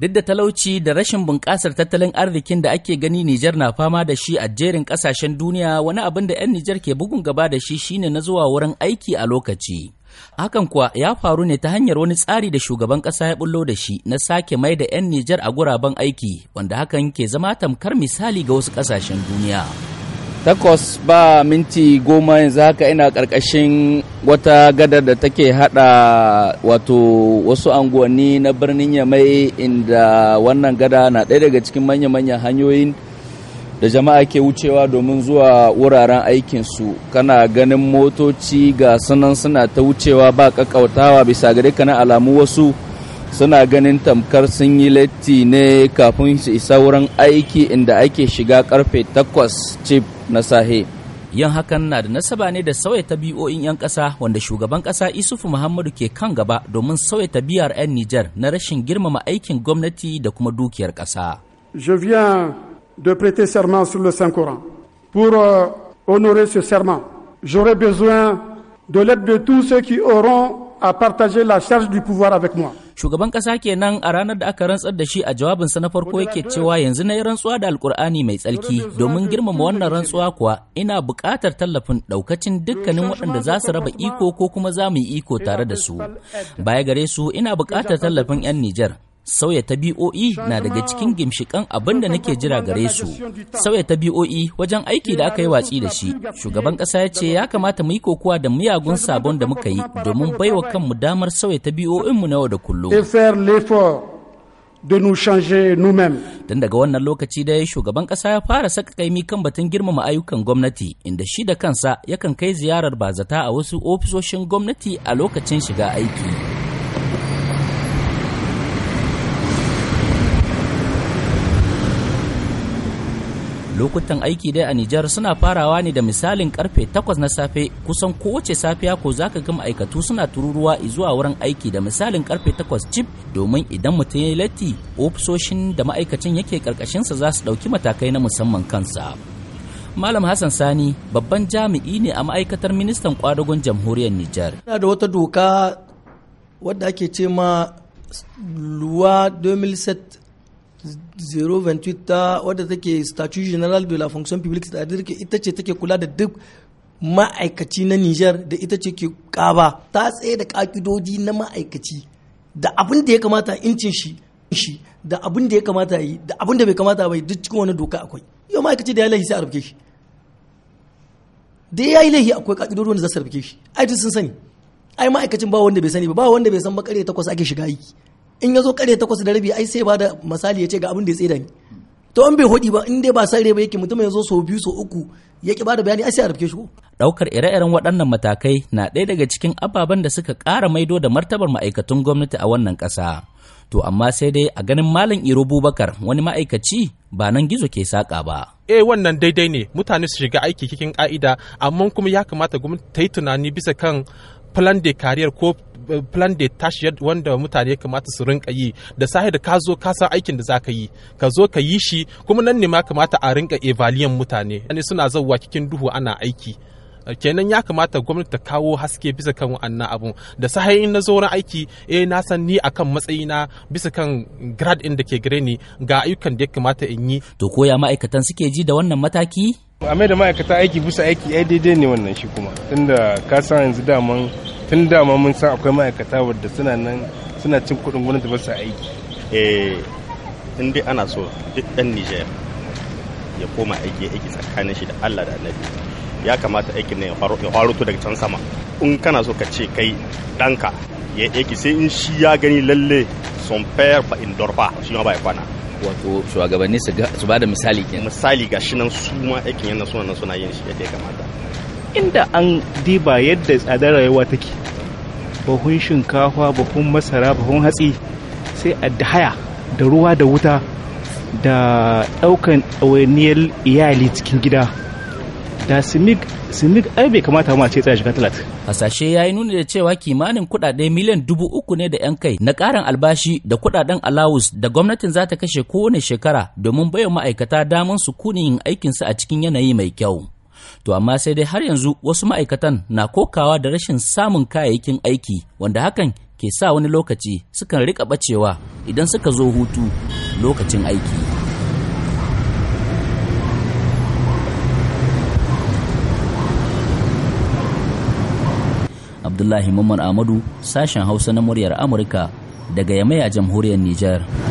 Duk da talauci da rashin bunƙasar tattalin arzikin da ake gani Nijar na fama da shi a jerin ƙasashen duniya wani abin da 'yan Nijar ke bugun gaba da shi shine na zuwa wurin aiki a lokaci. Hakan kuwa ya faru ne ta hanyar wani tsari da shugaban ƙasa ya bullo da shi na sake mai da 'yan Nijar a guraben aiki wanda hakan ke zama tamkar misali ga wasu ƙasashen duniya. Takwas ba minti goma yanzu haka ina ƙarƙashin wata gada da take hada wato wasu anguwanni na birnin yamai inda wannan gada na ɗaya daga cikin manya-manyan hanyoyin da jama'a ke wucewa domin zuwa wuraren aikinsu kana ganin motoci ga sanan suna ta wucewa ba kakkautawa bisa gare kana alamu wasu suna ganin tamkar sun yi latti ne kafin su isa wurin aiki inda ake shiga karfe 8 cif na sahe. je viens de prêter serment sur le saint coran pour euh, honorer ce serment j'aurai besoin de l'aide de tous ceux qui auront à partager la charge du pouvoir avec moi shugaban ƙasa kenan a ranar da aka rantsar da shi a jawabinsa na farko yake cewa yanzu na yi rantsuwa da alkur'ani mai tsarki domin girmama wannan rantsuwa kuwa ina buƙatar tallafin ɗaukacin dukkanin waɗanda za su raba iko ko kuma za mu yi iko tare da su baya gare su ina buƙatar tallafin 'yan nijar sauya tabi'o'i na daga cikin gimshikan abin da nake jira gare su sauya tabi'o'i wajen aiki da aka yi watsi da shi shugaban ƙasa ya ce ya kamata mu yi kokowa da miyagun sabon da muka yi domin baiwa kanmu damar sauya tabi'o'inmu na yau da kullum de Tun daga wannan lokaci yi shugaban ƙasa ya fara saka kaimi kan batun girmama ayyukan gwamnati inda shi da kansa yakan kai ziyarar bazata a wasu ofisoshin gwamnati a lokacin shiga aiki. lokutan aiki dai a Nijar suna farawa ne da misalin karfe 8 na safe kusan kowace safiya ko zaka ga ma'aikatu suna tururuwa zuwa wurin aiki da misalin karfe 8 cif domin idan mutum ya latti ofisoshin da ma'aikacin yake sa za su dauki matakai na musamman kansa. Malam Hassan Sani babban jami'i ne a ma'aikatar ministan kwadagon jamhuriyar Nijar. Yana da wata doka wadda ake ce ma luwa 2007 028 ta wadda take statue general de la fonction publique c'est-à-dire que ita ce take kula da duk ma'aikaci na Niger da ita ce ke kaba ta tsaye da kakidoji na ma'aikaci da abin da ya kamata incin shi shi da abin da ya kamata yi da abin da bai kamata bai duk cikin wani doka akwai yau ma'aikaci da ya laihi sai a rubuke shi da ya yi laihi akwai kakidoji wanda za su rubuke shi ai duk sun sani ai ma'aikacin ba wanda bai sani ba ba wanda bai san ba kare takwas ake shiga aiki in ya zo kare takwas da rabi ai sai ba da misali ya ce ga abin da ya tsira ni to an bai hodi ba in dai ba san ba yake mutum ya zo sau biyu so uku ya ki da bayani ai sai a rufe shi ko daukar ire-iren waɗannan matakai na ɗaya daga cikin ababen da suka ƙara maido da martabar ma'aikatan gwamnati a wannan ƙasa to amma sai dai a ganin malam iro bubakar wani ma'aikaci ba nan gizo ke saƙa ba eh wannan daidai ne mutane su shiga aiki cikin ƙa'ida amma kuma ya kamata gwamnati ta yi tunani bisa kan plan de kariyar ko plan da tashi wanda mutane kamata su rinka yi da sahi da ka zo ka san aikin da zaka yi ka zo ka yi shi kuma nan ne ma kamata a rinka evaliyan mutane ne suna zauwa cikin duhu ana aiki kenan ya kamata gwamnati ta kawo haske bisa kan wannan abun da in na zo aiki eh na san ni akan matsayina bisa kan grad in da ke gare ni ga ayyukan da ya kamata in yi to koya ma'aikatan suke ji da wannan mataki a mai da ma'aikata aiki bisa aiki ai daidai ne wannan shi kuma tunda ka san yanzu daman tun dama mun san akwai ma'aikata wadda suna nan suna cin kuɗin gwamnati ba su aiki eh in dai ana so duk ɗan Nijar ya koma aiki aiki tsakanin shi da Allah da Annabi ya kamata aikin nan ya faru to daga can sama in kana so ka ce kai ɗanka ya aiki sai in shi ya gani lalle son fair fa in dorfa shi ma ba ya kwana wato shugabanni su ba da misali kenan misali ga shi nan su ma aikin yana suna nan suna yin shi yadda ya kamata inda an diba yadda tsadar rayuwa take buhun shinkafa buhun masara buhun hatsi sai a haya da ruwa da wuta da ɗaukan ɗawainiyar iyali cikin gida da simig simig ai bai kamata ma ce tsaya shiga talatin. hasashe ya yi nuni da cewa kimanin kuɗaɗe miliyan dubu uku ne da yan kai na ƙarin albashi da kuɗaɗen alawus da gwamnatin za ta kashe kowane shekara domin baiwa ma'aikata damar su kunin yin aikinsu a cikin yanayi mai kyau. To amma sai dai har yanzu wasu ma'aikatan na kokawa da rashin samun kayayyakin aiki wanda hakan ke sa wani lokaci sukan rika bacewa idan suka zo hutu lokacin aiki. Abdullahi Mamman Amadu sashen Hausa na muryar Amurka daga Yamai a jamhuriyar Nijar.